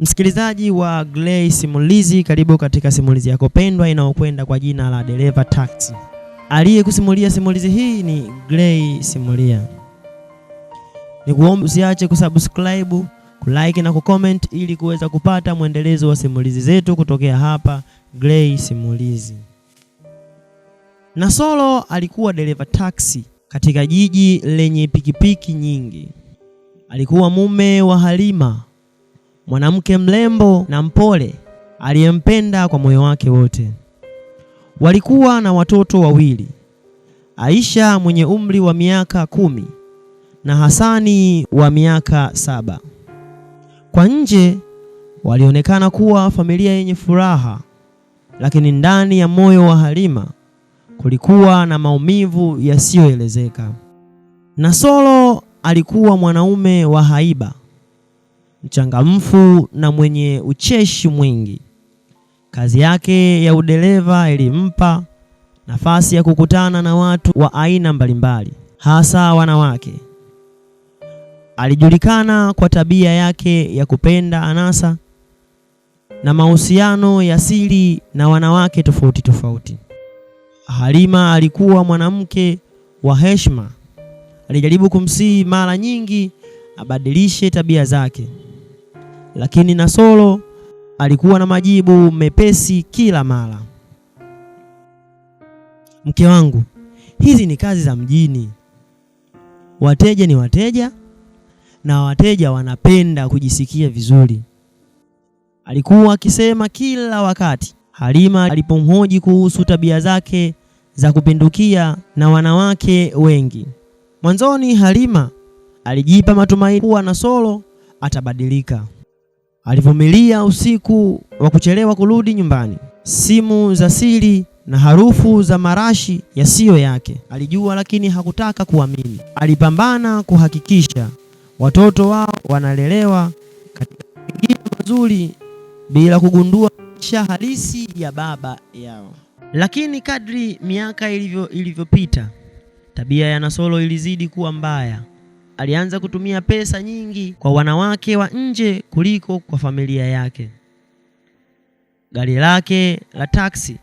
Msikilizaji wa Gray Simulizi, karibu katika simulizi yako pendwa inayokwenda kwa jina la Dereva Taxi. Aliyekusimulia simulizi hii ni Gray Simulia. Nikuombe usiache kusubscribe, kulike na kucomment ili kuweza kupata mwendelezo wa simulizi zetu kutokea hapa Gray Simulizi. Nasolo alikuwa dereva taxi katika jiji lenye pikipiki nyingi. Alikuwa mume wa Halima mwanamke mrembo na mpole aliyempenda kwa moyo wake wote. Walikuwa na watoto wawili, Aisha mwenye umri wa miaka kumi na Hasani wa miaka saba. Kwa nje walionekana kuwa familia yenye furaha, lakini ndani ya moyo wa Halima kulikuwa na maumivu yasiyoelezeka. Nasoro alikuwa mwanaume wa haiba mchangamfu na mwenye ucheshi mwingi. Kazi yake ya udereva ilimpa nafasi ya kukutana na watu wa aina mbalimbali, hasa wanawake. Alijulikana kwa tabia yake ya kupenda anasa na mahusiano ya siri na wanawake tofauti tofauti. Halima alikuwa mwanamke wa heshima. Alijaribu kumsihi mara nyingi abadilishe tabia zake lakini Nasolo alikuwa na majibu mepesi kila mara. Mke wangu, hizi ni kazi za mjini, wateja ni wateja na wateja wanapenda kujisikia vizuri, alikuwa akisema kila wakati Halima alipomhoji kuhusu tabia zake za kupindukia na wanawake wengi. Mwanzoni Halima alijipa matumaini kuwa Nasolo atabadilika alivumilia usiku wa kuchelewa kurudi nyumbani, simu za siri na harufu za marashi yasiyo yake. Alijua lakini hakutaka kuamini. Alipambana kuhakikisha watoto wao wanalelewa katika mazingira mazuri bila kugundua maisha halisi ya baba yao. Lakini kadri miaka ilivyopita, tabia ya Nasolo ilizidi kuwa mbaya alianza kutumia pesa nyingi kwa wanawake wa nje kuliko kwa familia yake. Gari lake la taksi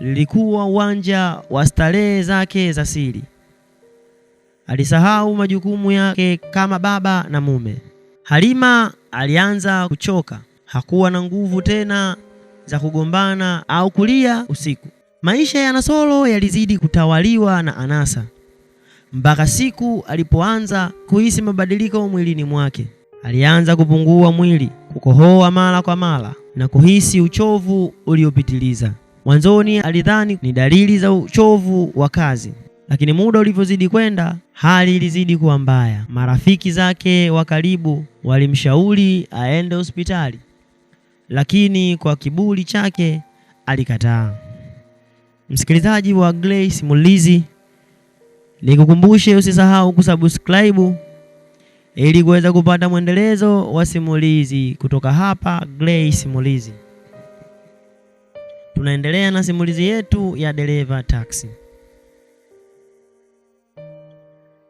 lilikuwa uwanja wa starehe zake za siri. Alisahau majukumu yake kama baba na mume. Halima alianza kuchoka, hakuwa na nguvu tena za kugombana au kulia usiku. Maisha ya Nasoro yalizidi kutawaliwa na anasa mpaka siku alipoanza kuhisi mabadiliko mwilini mwake. Alianza kupungua mwili, kukohoa mara kwa mara na kuhisi uchovu uliopitiliza. Mwanzoni alidhani ni dalili za uchovu wa kazi, lakini muda ulivyozidi kwenda, hali ilizidi kuwa mbaya. Marafiki zake wa karibu walimshauri aende hospitali, lakini kwa kiburi chake alikataa. Msikilizaji wa Gray Simulizi, Nikukumbushe usisahau kusubscribe ili kuweza kupata mwendelezo wa simulizi kutoka hapa Gray Simulizi. Tunaendelea na simulizi yetu ya dereva taksi.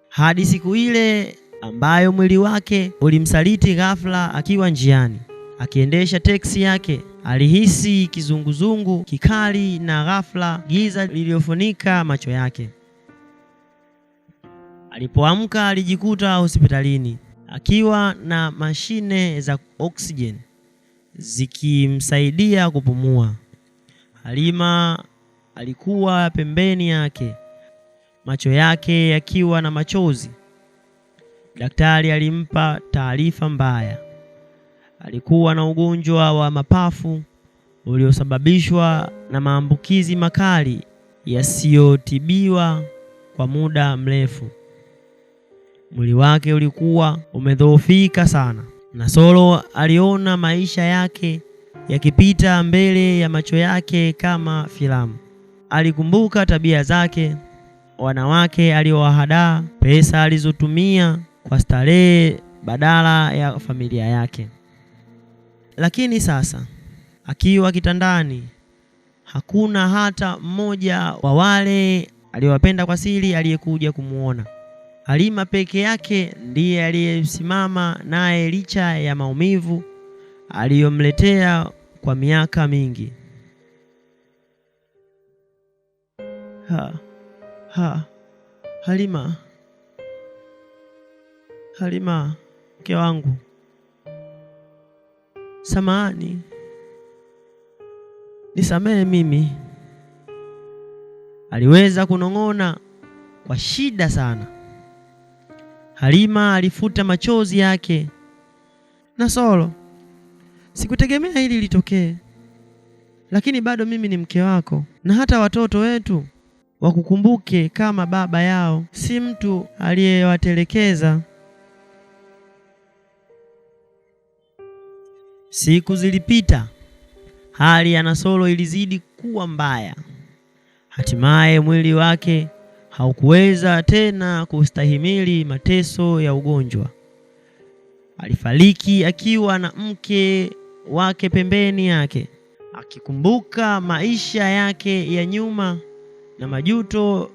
Hadi siku ile ambayo mwili wake ulimsaliti ghafla akiwa njiani akiendesha teksi yake, alihisi kizunguzungu kikali na ghafla giza liliyofunika macho yake. Alipoamka alijikuta hospitalini akiwa na mashine za oksijeni zikimsaidia kupumua. Halima alikuwa pembeni yake, macho yake yakiwa na machozi. Daktari alimpa taarifa mbaya. Alikuwa na ugonjwa wa mapafu uliosababishwa na maambukizi makali yasiyotibiwa kwa muda mrefu. Mwili wake ulikuwa umedhoofika sana, na Solo aliona maisha yake yakipita mbele ya macho yake kama filamu. Alikumbuka tabia zake, wanawake aliowahadaa, pesa alizotumia kwa starehe badala ya familia yake. Lakini sasa akiwa kitandani, hakuna hata mmoja wa wale aliyowapenda kwa siri aliyekuja kumwona. Halima peke yake ndiye aliyesimama naye licha ya maumivu aliyomletea kwa miaka mingi. Ha, ha, Halima, Halima mke wangu, samahani, nisamehe mimi, aliweza kunong'ona kwa shida sana. Halima alifuta machozi yake. Nasolo, sikutegemea hili litokee, lakini bado mimi ni mke wako, na hata watoto wetu wakukumbuke kama baba yao, si mtu aliyewatelekeza. Siku zilipita, hali ya Nasolo ilizidi kuwa mbaya. Hatimaye mwili wake haukuweza tena kustahimili mateso ya ugonjwa. Alifariki akiwa na mke wake pembeni yake, akikumbuka maisha yake ya nyuma na majuto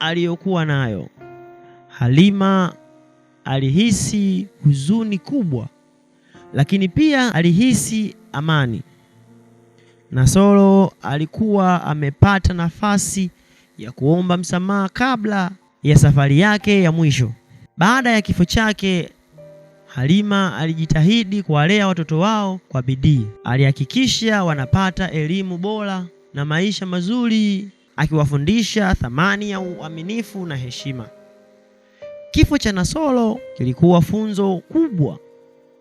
aliyokuwa nayo. Halima alihisi huzuni kubwa, lakini pia alihisi amani. Nasoro alikuwa amepata nafasi ya kuomba msamaha kabla ya safari yake ya mwisho. Baada ya kifo chake, Halima alijitahidi kuwalea watoto wao kwa bidii. Alihakikisha wanapata elimu bora na maisha mazuri, akiwafundisha thamani ya uaminifu na heshima. Kifo cha nasolo kilikuwa funzo kubwa,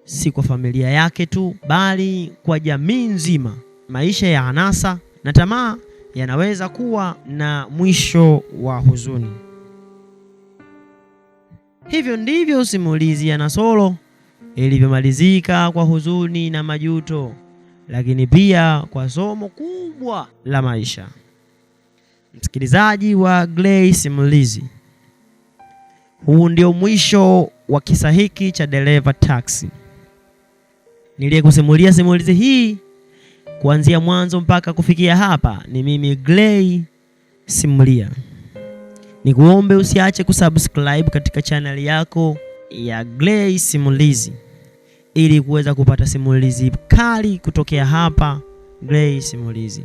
si kwa familia yake tu, bali kwa jamii nzima. Maisha ya anasa na tamaa yanaweza kuwa na mwisho wa huzuni. Hivyo ndivyo simulizi ya Nasoro ilivyomalizika kwa huzuni na majuto, lakini pia kwa somo kubwa la maisha. Msikilizaji wa Gray Simulizi, huu ndio mwisho wa kisa hiki cha dereva taxi Niliyekusimulia simulizi hii Kuanzia mwanzo mpaka kufikia hapa, ni mimi Gray Simulia. Nikuombe usiache kusubscribe katika channel yako ya Gray Simulizi ili kuweza kupata simulizi kali kutokea hapa Gray Simulizi.